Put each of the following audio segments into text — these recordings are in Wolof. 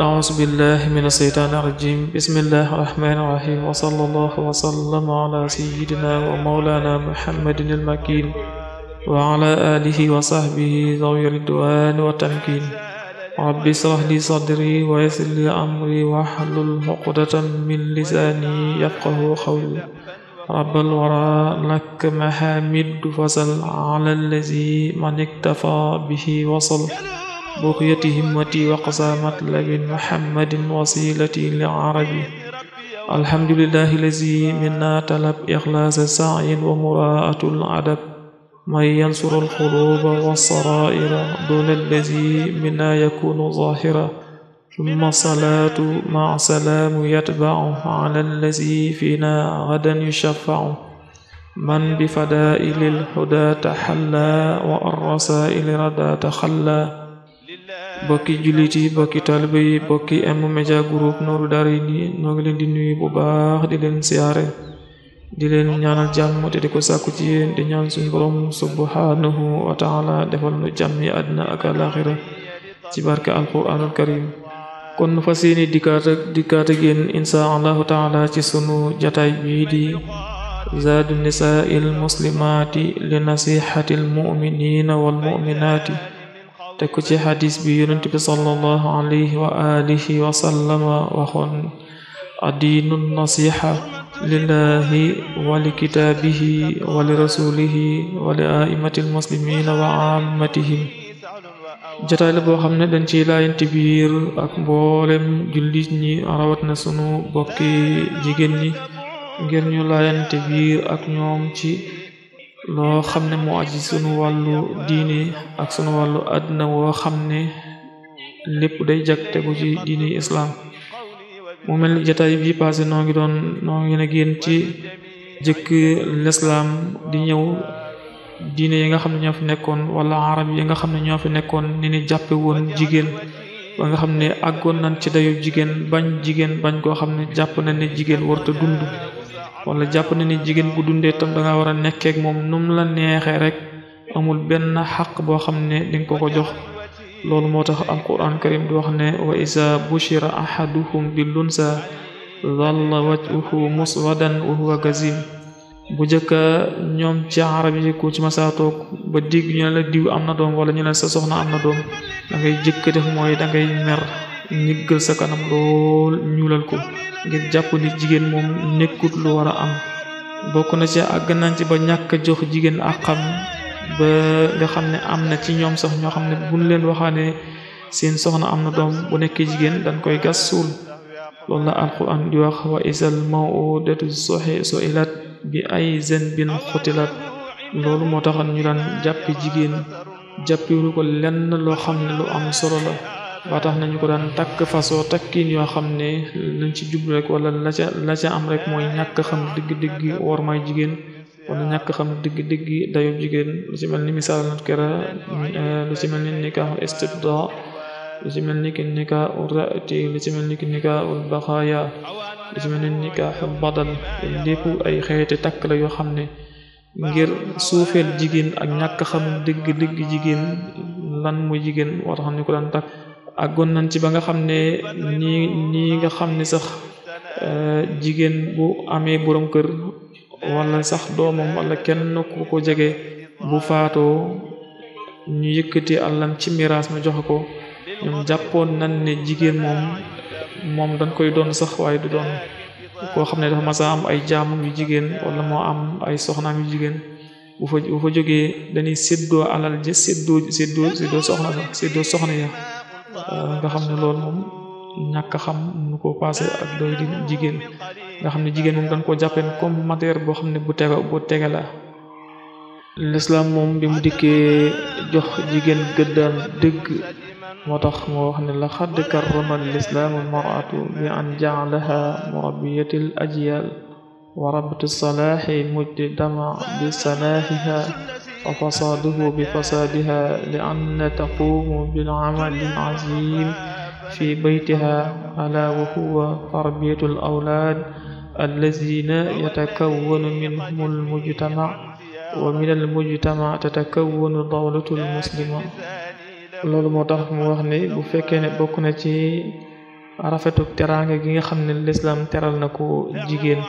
أعوذ بالله من الشيطان الرجيم بسم الله الرحمن الرحيم وصلى الله وسلم على سيدنا ومولانا محمد المكين وعلى آله وصحبه ذوي الرضوان والتمكين رب اشرح لي صدري ويسر لي أمري واحلل عقدة من لساني يفقه قولي رب الورى لك محامد فصل على الذي من اكتفى به وصل بقية همتي وقصى مطلب محمد وسيلتي لعربي الحمد لله الذي منا طلب إخلاص سعي ومراءة العدب من ينصر القلوب والسرائر دون الذي منا يكون ظاهرا ثم الصلاة مع سلام يتبع على الذي فينا غدا يشفع من بفدائل الهدى تحلى وأن رسائل ردى تخلى bokki jullit yi bokki taalibe yi bokki M-Media Group nooru daara yi nii ñoo ngi leen di nuyu bu baax di leen siyaare di leen ñaanal jàmm te ko sàkku ci yéen di ñaan suñu borom subhanahu wa taala defal nu jàmmi àddina ak àlaxira ci barke alquranul karim kon fas yéene dikkaat ak dikkaat ak yéen insha allahu taala ci sunu jataay bii di zaadu nisaa muslimaati li nasihati al muminina wal muminaati teg ci xadis bi yonent bi sallallahu alayhi wa alihi wa sallama waxoon addiinu nasiha lillahi wa li kitaabihi wa li rasulihi wa li aimati almuslimina wa ammatihim jotaay boo xam ne dañ ci laayante biir ak mboolem jullit ñi rawat na sunu bokki jigéen ñi ngir ñu laayante biir ak ñoom ci loo xam ne moo aji sunu wàllu diine ak sunu wàllu àddina woo xam ne lépp day jag tegu ci diine islaam mu mel ni jataay bi passé noo ngi doon noo ngi ne génn ci jëkk lislaam di ñëw diine yi nga xam ne ñoo fi nekkoon wala arab yi nga xam ne ñoo fi nekkoon ni ni jàppe woon jigéen ba nga xam ne àggoon nañ ci dayu jigéen bañ jigéen bañ koo xam ne jàpp nañ ne jigéen warta dund wala jàpp na ni jigéen bu dundee tam danga war a nekkeek moom num la neexee rek amul benn xaq boo xam ne dinga ko ko jox loolu moo tax alquran karim di wax ne wa isa bushira ahaduhum bil unsa dhalla wajhuhu muswadan wa huwa kazim bu jëkka ñoom ci arab yi ko ci masaa ba digg ñu la diw am na doom wala ñu ne sa soxna am na doom da ngay jëkk def mooy da ngay mer sa kanam lool ñuulal ko ngir jàpp ni jigéen moom nekkut lu war a am bokk na ci àgg nañ ci ba ñàkk jox jigéen ak xam ba nga xam ne am na ci ñoom sax ñoo xam ne buñ leen waxaane seen soxna am na doom bu nekkee jigéen dañ koy gas suul loolu la alquran di wax wa isal mawudatu soxe so ilat bi ay zanbin xutilat loolu moo taxoon ñu daan jàpp jigéen jàppiwu ko lenn loo xam ne lu am solo la ba tax nañu ko daan takk façon takkiin yoo xam ne lañ ci jublu rek wala la ca la ca am rek mooy ñàkk xam digg-digg war jigéen wala ñàkk xam digg-digg dayob jigéen lu ci mel ni misaal nat kera eh, lu ci mel ni nikaahu istibda lu ci ni ki nikaahu rati lu ci mel ni ki nikaahu baxaaya badal lépp ay xeeti takk la yoo xam ne ngir suufeel jigéen ak ñàkk xam digg digg jigéen lan mooy jigéen war tax ni ko daan takk ak àggoon nañ ci ba nga xam ne nii ñi nga xam ne sax euh, jigéen bu amee borom kër wala sax doomam wala kenn ku ko jege bu faatoo ñu yëkkati àllam ci miraas ma joxe ko ñoom jàppoon nañ ne jigéen moom moom dañ koy doon sax waaye du doon koo xam ne dafa mas a am ay jaamam yu jigéen wala moo am ay soxnaam yu jigéen bu fa bu fa jógee dañuy séddoo alal ja séddoo séddoo soxna sax séddoo soxna ya Euh, nga xam ne loolu moom ñàkk xam mënu koo passé ak doy di jigéen nga xam ne jigéen moom dañ koo jàppeen comme matière boo xam ne bu tega bu tega la lislaam moom bi mu dikkee jox jigéen gëddaan dëgg moo tax moo wax ne laqad karrama lislaamu mar'atu bi an ja'alaha murabbiyatil ajyaal wa rabtu salaahi mujtama bi salaahiha وفساده بفسادها لأن تقوم بالعمل العظيم في بيتها ألا وهو تربية الأولاد الذين يتكون منهم المجتمع ومن المجتمع تتكون دولة المسلمة loolu moo tax mu wax ne bu fekkee ne bokk na ci rafetuk teraanga gi nga xam ne lislaam teral na ko jigéen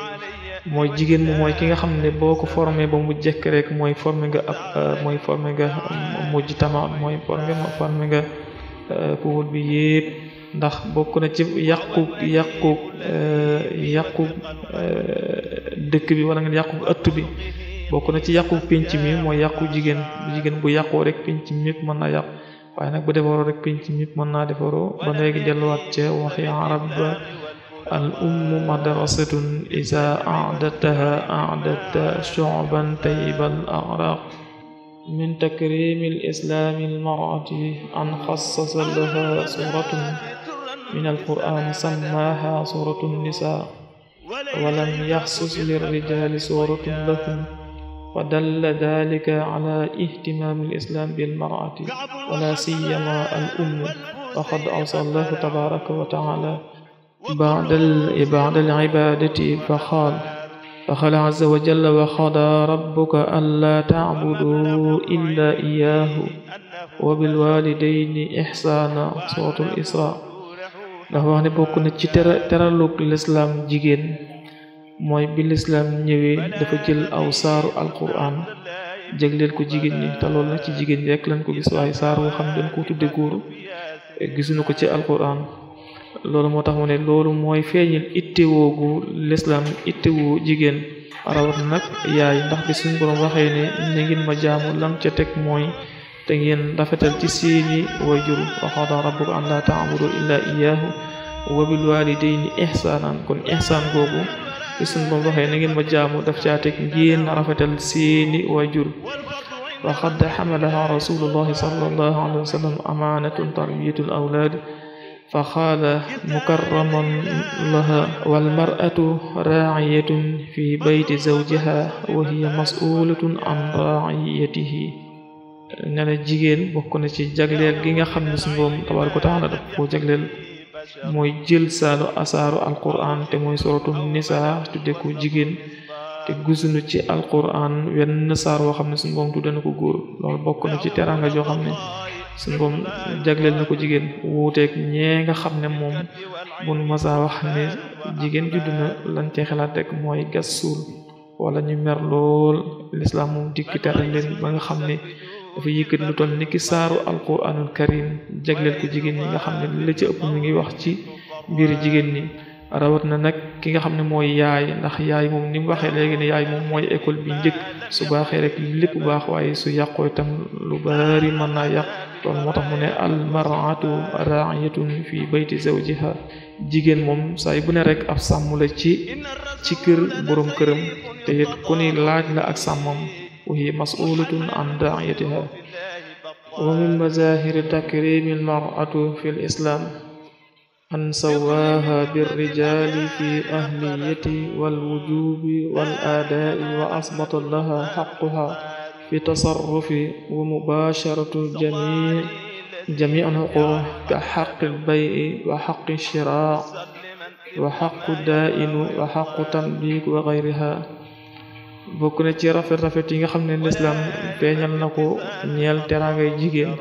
mooy jigéen mu mooy ki nga xam ne boo ko formé ba mu jekk rek mooy formé nga ab euh, mooy formé nga euh, mujj tama mooy formé formé nga euh, pouvoir bi yépp ndax bokk na ci yàqu yàqu yàqu dëkk bi wala ngeen yàqu ëtt bi bokk na ci yàqu pénc mi mooy yàqu jigéen jigéen bu yàqoo rek pénc mi yëpp mën naa yàqu waaye nag bu defaroo rek pénc mi yëpp mën naa defaroo ba léegi delluwaat ca waxi arab ba الأم مدرسة إذا أعددتها أعددت شعبا طيب الأعراق من تكريم الإسلام المرأة أن خصص لها سورة من القرآن سماها سورة النساء ولم يخصص للرجال سورة لهم ودل ذلك على اهتمام الإسلام بالمرأة ولا سيما الأم وقد أوصى الله تبارك وتعالى بعد ال... بعد العبادة فقال فقال عز وجل وقضى ربك ألا تعبدوا إلا إياه وبالوالدين إحسانا سورة الإسراء ndax wax ne bokk na ci tera lislaam jigéen mooy bi lislaam ñëwee dafa jël aw saaru alquran jagleel ko jigéen ñi te ci jigéen ñi rek lañ ko gis waaye saar woo xam dañ ko tudde góor gisuñu ko ci alquran loolu moo tax mu ne loolu mooy feeñil ittewoo gu lislaam ittewoo jigéen rawat nag yaay ndax bi suñ boroom waxee ne ni ngeen ma jaamu lam ca teg mooy te ngeen rafetal ci seeni wayjur wa qadaa rabbuka an laa ta'budu illaa iyyaahu wa bil waalidayni ihsaanan kon ihsaan googu bi suñ waxee na ngeen ma jaamu daf caa teg rafetal seeni wayjur wa qad hamalahaa rasuulullaahi sallallaahu alayhi wa sallam awlaad fa qaala mukarramun laha walmar'atu raaciyatun fi bayti zawjiha wa hiya mas'ulatun an raaciyatihi ne na jigéen bokk na ci jagleel gi nga xam ne su Boroom tabaaraka wa taala daf koo jagleel mooy jël saalu asaaru alqur'an te mooy suratu nisaa tudde ko jigéen te gisuñu ci alqur'an wenn saar woo xam ne su Boroom tudde na ko góor loolu bokk na ci teraanga joo xam ne suñ jagleel na ko jigéen wuuteeg ñee nga xam ne moom ma saa wax ne jigéen judd na lan ci xalaat rek mooy gas suul wala ñu mer lool lislaam moom dikki tere leen ba nga xam ne dafa yëkkati lu toll ni ki saaru alquranul karim jagleel ko jigéen ñi nga xam ne la ci ëpp ñu ngi wax ci mbiri jigéen ñi rawat na nag ki nga xam ne mooy yaay ndax yaay moom ni mu waxee léegi ne yaay moom mooy école bi njëkk su baaxee rek lépp baax waaye su yàqoo tam lu bari mën naa yàq toon moo tax mu ne al mar'atu ra'iyatun fi bayti zawjiha jigéen moom saa bu ne rek ab sàmm la ci ci kër boroom këram te it ku ni laaj la ak sàmmam wa hiya mas'ulatun an ra'iyatiha wa min takrimi al fi al an sawaaha birrijaali fi ahliyati walwujubi walaadaai wa asbata laha xaquha fi tasarrufi wa mubaasharatu jamii jamii alxuquuq ka xaqi lbayi wa xaqi shiraa wa xaqu daa'inu wa xaqu tamliik wa gayriha bokk na ci rafet rafet yi nga xam ne lislaam feeñal na ko ñeel teraangay jigéen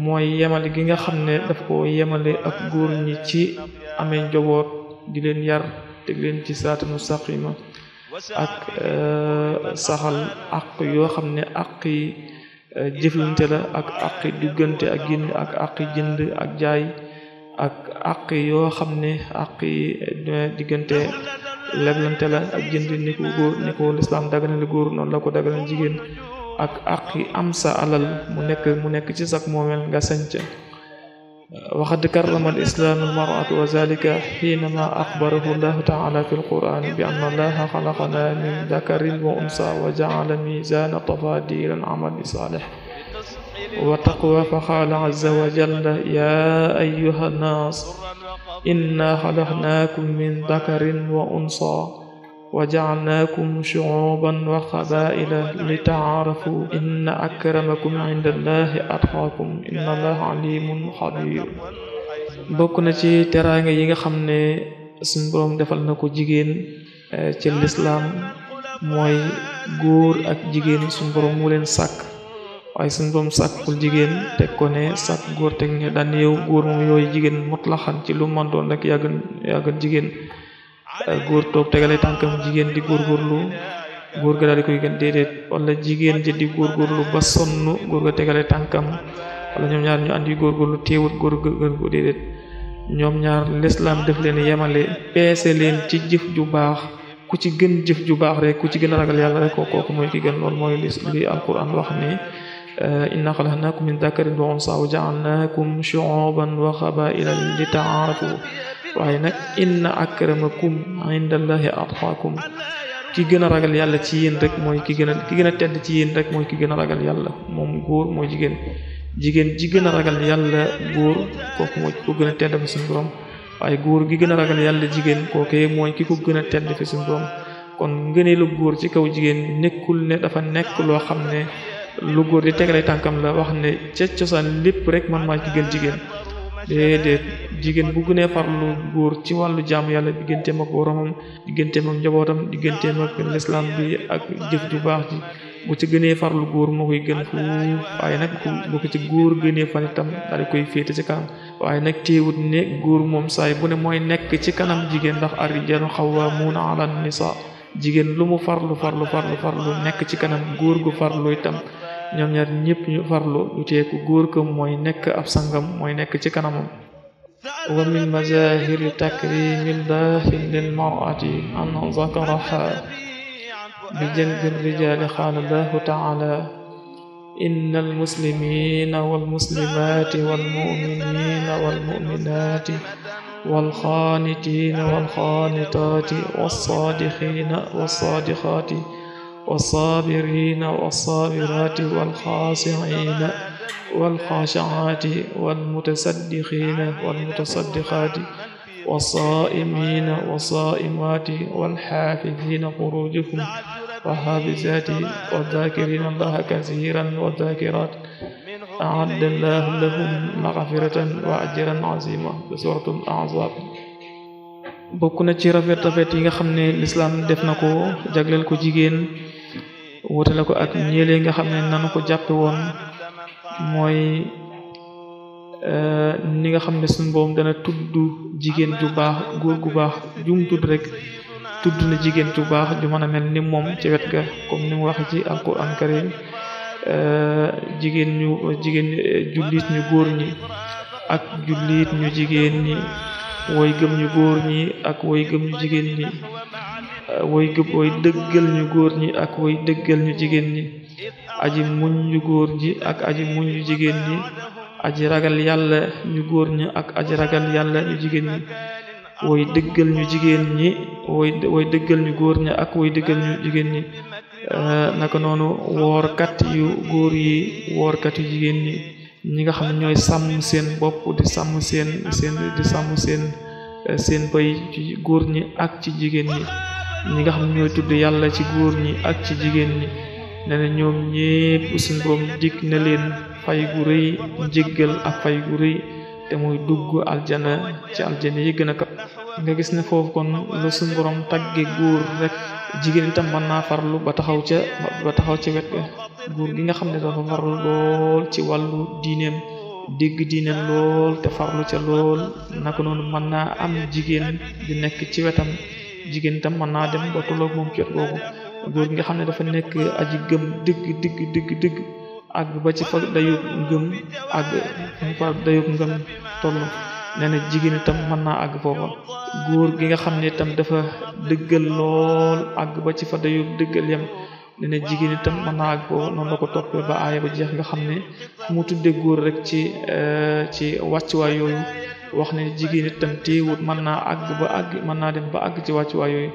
mooy yemale gi nga xam ne daf ko yemale ak góor ñi ci amee njaboot di leen yar teg leen ci saata mustaqima ak euh, saxal àq yoo xam ne àq yi euh, jëflante la ak àq yi ak génn ak àq jënd ak jaay ak àq yoo xam ne àq euh, diggante leblante la ak jënd ni ko góor ni ko lislaam daganale góor noonu la ko daganal jigéen ak àq yi am sa alal mu nekk mu nekk ci sak moomeel nga sanca waxad karamal islaamu almaratu wa zalika xiinama axbarahu llahu taala fi lqurani bi anna allaha xalaqana min dakarin wa unsa wa jaala misana tafadiran amali saalih wa taqwa fa qaala azza wa jalla yaa ayyuha nnaas inna xalaqnaakum min dakarin wa unsa وجعلناكم شعوبا وقبائل لتعارفوا إن أكرمكم عند الله أتقاكم إن الله عليم خبير bokk na ci teraanga yi nga xam ne suñ boroom defal na ko jigéen eh, ci lislaam mooy góor ak jigéen suñ boroom mu leen sàkk waaye suñ boroom sàkkul jigéen teg ko ne sàkk góor teg ne daan yow góor moom yooyu jigéen mutlaxan ci lu man doon rek yàggan yàggan jigéen góor toog tegale tànkam jigéen di góor góorlu góor ga daal di koy gën déedéet wala jigéen ji di góorgóorlu ba sonn góor ga tegale tànkam wala ñoom ñaar ñu andi góorgóorlu téewut góor ga gën ko déedéet ñoom ñaar lislaam def leen yemale peese leen ci jëf ju baax ku ci gën jëf ju baax rek ku ci gën a ragal yàlla rek kooku mooy ki gën loolu mooy li li alquran wax ni inna xalaqnaakum min dakarin wa unsaa wa ja'alnaakum shu'uuban wa qabaa'ila li ta'aarafu waaye nag indi na inna akramakum indallahi atqaakum ki gën a ragal yàlla ci yéen rek mooy ki gën a ki a tedd ci yéen rek mooy ki gën a ragal yàlla moom góor mooy jigéen jigéen ji gën a ragal yàlla góor kooku mooy ki ko gën a tedd fi suñu borom waaye góor gi gën a ragal yàlla jigéen kookee mooy ki gën a tedd fi suñu borom kon ngëneelu góor ci kaw jigéen nekkul ne dafa nekk loo xam ne lu góor di teg lay tànkam la wax ne ca cosaan lépp rek man maa ki gën jigéen déedéet jigéen bu gënee farlu góor ci wàllu jaamu yàlla digganteem ak boromam digganteem ak njabootam digganteem ak lislaam bi ak jëf ju baax ji bu ci gënee farlu góor moo koy gën fu waaye nag ci góor gënee fan itam daal féete ci kanam waaye nag téewut ne góor moom saay bu ne mooy nekk ci kanam jigéen ndax ar-rijaalu a ala nisaa jigéen lu mu farlu farlu farlu farlu nekk ci kanam góor gu farlu itam ñoom ñaar ñëpp ñu farlu lu góor ko mooy nekk ab sangam mooy nekk ci kanamam wa min mazahiri takrimi llahi lilmarati an zakaraha bi jalbi rijali qaala allahu taala inna almuslimina walmuslimati walmuminina walmuminati walqanitina walqanitati walsadiqina walsadiqati walsabirina walsabirati walxaasirina والخاشعات والمتصدقين والمتصدقات والصائمين والصائمات والحافظين فروجهم والحافظات والذاكرين الله كثيرا والذاكرات أعد الله لهم مغفرة وأجرا عظيما سورة الأعزاب bokk na ci rafet rafet yi nga xam ne lislaam def na ko jagleel ko jigéen wutale ko ak ñeelee nga xam ne nanu ko jàppe woon mooy euh, ni nga xam ne suñu dana tudd jigéen ju baax góor gu baax jum tudd rek tudd na jigéen ju baax ju mën a mel ni moom ci wet ga comme ni mu waxe ci alquran karim euh, jigéen ñu jigéen jullit ñu góor ñi ak jullit ñu jigéen ñi woy gëm ñu góor ñi ak woy gëm ñu jigéen ñi euh, woy gëm woy dëggal ñu góor ñi ak woy dëggal ñu jigéen ñi aji muñ ñu góor ji ak aji muñ yu jigéen ñi aji ragal yàlla ñu góor ñi ak aji ragal yàlla ñu jigéen ñi way dëggal ñu jigéen ñi way way góor ñi ak way dëggal jigéen ñi naka noonu woorkat yu góor yi woorkat yu jigéen ñi ñi nga xam ne ñooy sàmm seen bopp di sàmm seen seen di seen seen bay ci góor ñi ak ci jigéen ñi ñi nga xam ne ñooy tudd yàlla ci góor ñi ak ci jigéen ñi nee na ñoom ñépp suñ borom dig na leen fay gu rëy njéggal ak fay gu rëy te muy dugg aljana ci aljana yi gën a kaw nga gis ne foofu kon la suñ borom tagge góor rek jigéen itam mën naa farlu ba taxaw ca ba taxaw ca wet góor gi nga xam ne dafa farlu lool ci wàllu diineem dégg diineem lool te farlu ca lool naka noonu mën naa am jigéen di nekk ci wetam jigéen itam mën naa dem ba tolloog moom ci wet boobu góor gi nga xam ne dafa nekk aji gëm dëgg dëgg digg digg ak ba ci fa dayub ngëm ak fa dayub mën naa àgg foofa góor gi nga xam ne itam dafa dëggal lool àgg ba ci fa dayub dëggal yam ne na jigéen itam mën naa àgg foofa noonu la ko toppee ba aaya ba jeex nga xam ne mu tuddee góor rek ci eh, ci wàccuwaay yooyu wax ne jigéen itam téewut mën naa àgg ba àgg mën naa dem ba àgg ci wàccuwaay yooyu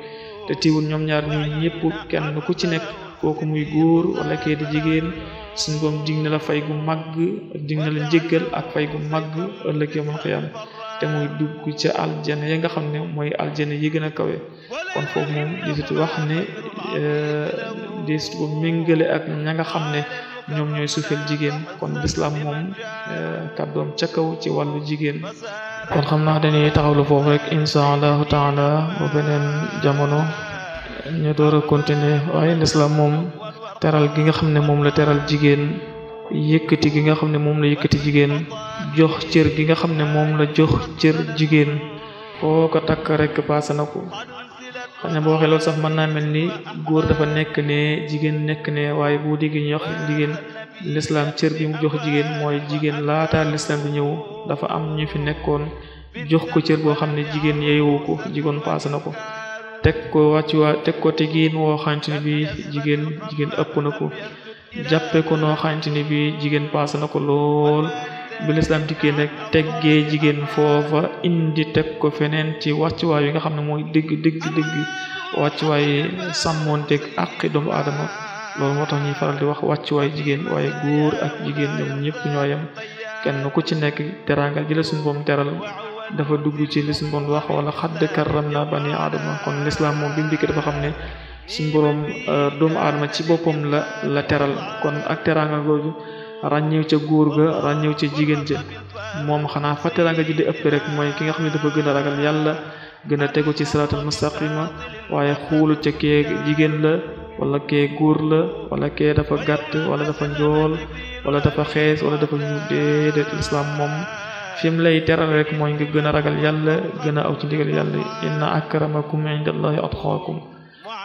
te tiwul ñoom ñaar ñu ñëpp kenn ku ci nekk kooku muy góor wala kee di jigéen suñ boom dig na la fay gu màgg dig na la njëggal ak fay gu màgg ëllëg yamal xiyam te muy dugg ca aljana ya nga xam ne mooy aljana yi gën a kawe kon foofu moom di wax ne eh, des ko méngale ak ña nga xam ne ñoom ñooy suufeel jigéen kon lislaam moom eh, kàddoom ca kaw ci wàllu jigéen kon xam naa dañuy taxawlu foofu rek insha allahu taala ba beneen jamono ñu door a continuer waaye lislaam moom teral gi nga xam ne moom la teral jigéen yëkkati gi nga xam ne moom la yëkkati jigéen jox cër gi nga xam ne moom la jox cër jigéen foo ko takk rek paase na ko xam ne boo waxee sax mën naa mel ni góor dafa nekk ne jigéen nekk ne waaye bu déggee ñu wax jigéen lislaam cër bi mu jox jigéen mooy jigéen laata lislaam bi ñëw dafa am ñu fi nekkoon jox ko cër boo xam ne jigéen yeewu ko jigéen paase ko teg ko wàccuwaay teg ko tegin woo xamante ni bi jigéen jigéen ëpp na ko jàppe ko noo xamante ni bi jigéen paase na ko lool bi lislaam dikkee nag teggee jigéen foofa indi teg ko feneen ci wàccuwaay yi nga xam ne mooy dëgg dëgg dëgg wàccuwaay sàmmoonteeg àqi doomu aadama loolu moo tax ñuy faral di wax wàccuwaay jigéen waaye góor ak jigéen ñoom ñëpp ñooyam kenn ku ci nekk teraanga jële suñu boom teral dafa dugg ci li suñu boom wax wala xadd karram na bani aadama kon lislaam moom bi mu dikkee dafa xam ne suñu borom euh, doomu aadama ci boppam la la teral kon ak teraanga googu ràññeew ca góor ga ràññeew ca jigéen ja moom xanaa fattera nga jidde ëpp rek mooy ki nga xam ne dafa gën a ragal yàlla gën a tegu ci siraatal mustaqima waaye xuulu ca kee jigéen la wala kee góor la wala kee dafa gàtt wala dafa njool wala dafa xees wala dafa ñu déedéet lislaam moom fi mu lay teral rek mooy nga gën a ragal yàlla gën a aw ci ndigal yàlla inna akramakum inda allahi atqaakum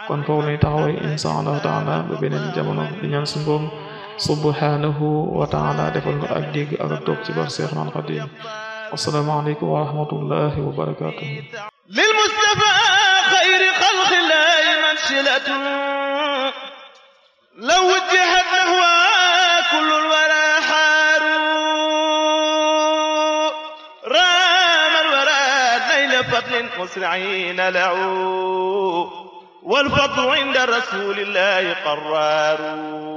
kon foofu lañu taxaway insha allahu taala ba beneen jamono subhanahu wa taala defal ñu ak dégg ak toog ci bar Seex man Xaadim assalaamu aleykum wa rahmatullahi wa barakaatuhu lil mustafa xayri xalqi laahi mansilatu law wujjihat nahwa kullu wara xaaru raamal wara nayla fadlin musriina lahu wal fadlu inda rasulillahi qaraaru